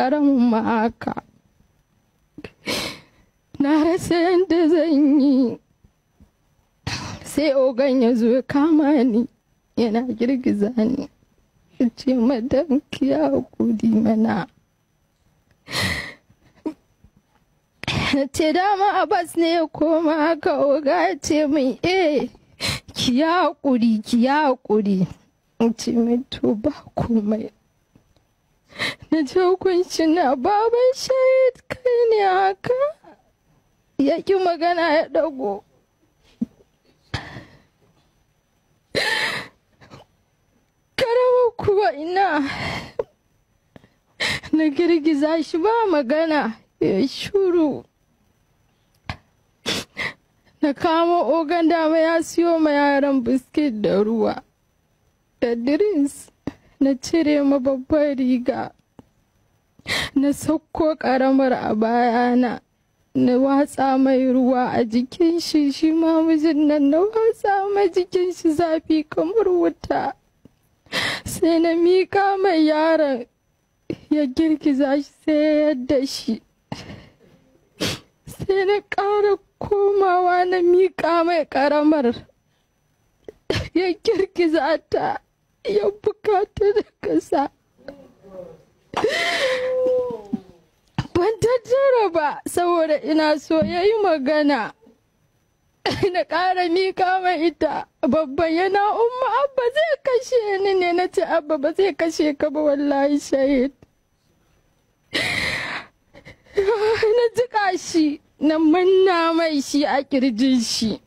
ƙaramin ma'aka na rasa yadda zan yi sai ogan ya zo kama ni yana girgiza ni ce madan kiya gudi mana ce dama bas ne ya koma ka oga ce min eh kiya kuri kiya kuri ce mai to ba komai na ji hukunci na baban shahid kai ne haka ya ƙi magana ya ɗago karama kuwa ina na girgiza shi ba magana ya shuru na kama ogan dama ya siyo ma yaran biskit da ruwa da drinks na cire ma babbar riga na sauko karamar a bayana na watsa mai ruwa a jikin shi shi ma mijin nan na watsa ma jikin shi zafi kamar wuta sai na mika mai yaron ya girgiza shi sai ya yadda shi sai na ƙara komawa na mika mai karamar ya girgiza ta bukata da ƙasa. Ban tattara ba saboda ina so ya yi magana. Na ƙara mika mai ita babban yana umma abba zai kashe ni ne na ce abba ba zai kashe ka ba wallahi shahid. Na jiƙa shi na manna mai shi a ƙirjin shi.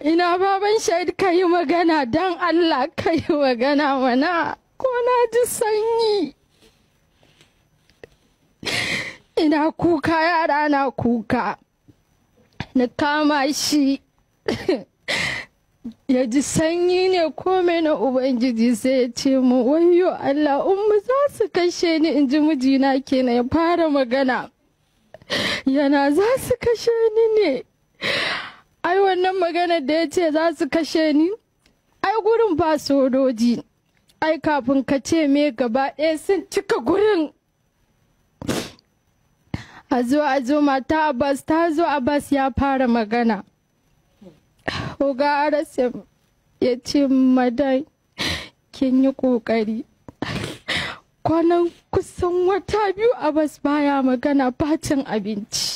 ina baban shaid ka yi magana don allah ka yi magana mana ko na ji sanyi ina kuka yara na kuka na kama shi ya ji sanyi ne kome na ubangiji sai ya ce mu wayo allah mu za su kashe ni in ji mijina kenan ya fara magana yana za su kashe ni ne ai wannan maganar da ya ce za su kashe ni ai gurin ba sojoji ai kafin ka ce me gaba ɗaya sun cika gurin a zo a zo mata abbas ta zo abbas ya fara magana oga arasem ya ce madai kin yi ƙoƙari kwanan kusan wata biyu abbas baya magana facin abinci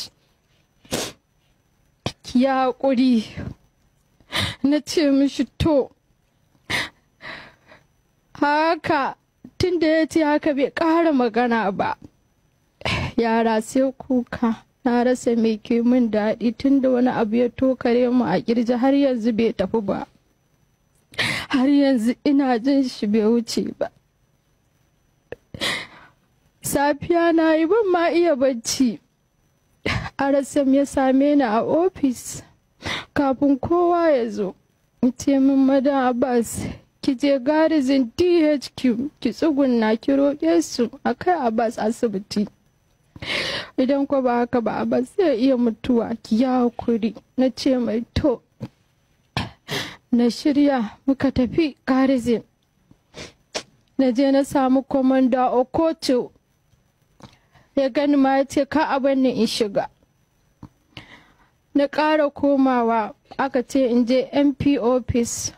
ya ƙuri na ce mishi to haka tun da ya ce haka bai ƙara magana ba yara sai kuka na rasa mai ke min daɗi tun da wani abu ya tokare mu a ƙirji har yanzu bai tafi ba har yanzu ina jin shi bai wuce ba safiya na yi ban ma iya bacci arasam ya same ni a ofis kafin kowa ya zo ce min madan abbas ki je garizin dhq ki tsugunna ki roƙe su a kai abbas asibiti idan ko ba haka ba abbas zai iya mutuwa ki ya hakuri na ce mai to na shirya muka tafi garizin na je na samu komanda okoto ya gani ma ya ce ka abin in shiga na ƙara komawa aka ce in je mp office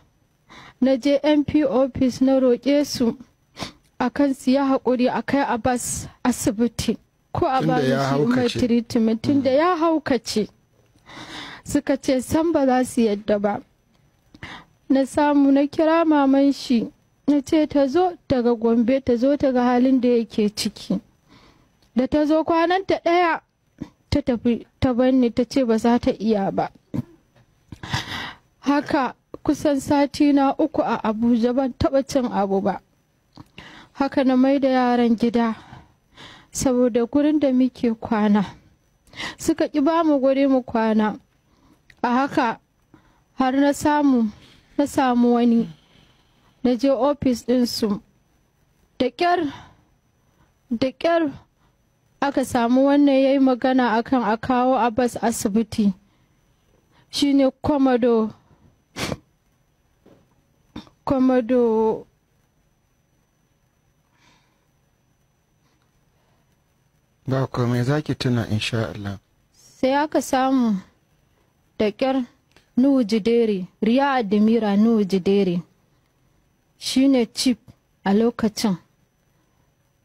na je mp office na roƙe su a kan su ya haƙuri a kai a bas asibiti ko a ba su mai treatment ya haukace suka ce san ba za su yadda ba na samu na kira maman shi na ce ta zo daga gombe ta zo ta halin da yake ciki da ta zo kwananta ɗaya ta tafi ta banni ta ce ba za ta iya ba haka kusan sati na uku a abuja ban taɓa cin abu ba haka na mai da yaran gida saboda gurin da muke kwana suka ƙi ba mu guri mu kwana a haka har na samu na samu wani na je ofis ɗinsu da ƙyar da ƙyar aka samu wannan ya yi magana akan a kawo abbas asibiti shine komodo komodo ba komai za ki tuna insha Allah sai aka samu da ƙyar nuhu jidere riya admira nuhu jidere shine chief a lokacin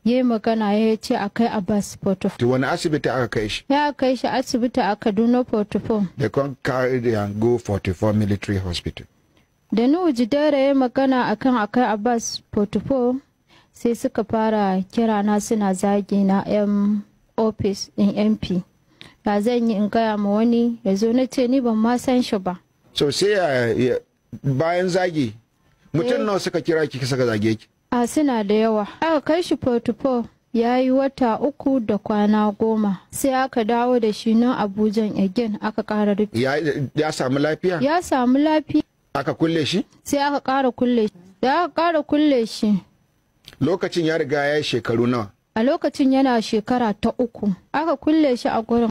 ya yi magana ya ce a kai abbas portofo wani asibiti aka kai shi ya kai shi asibiti a kaduna portofo da can carry and go 44 military hospital da nuhu dare ya yi magana a kan a kai abbas portofo sai suka fara kira na suna zagi na yan ofis in mp ba zan yi in gaya ma wani ya zo na ce ni ban ma san shi ba so sai bayan zagi mutum eh. nawa suka kira ki suka zage ki a suna da yawa aka kai shi portupo ya yi wata uku da kwana goma sai aka dawo da shi nan abuja again aka kara rufi. ya samu lafiya ya samu lafiya aka kulle shi sai aka kara kulle shi da aka kara kulle shi lokacin ya riga ya yi shekaru nawa a lokacin yana shekara ta uku aka kulle shi a gurin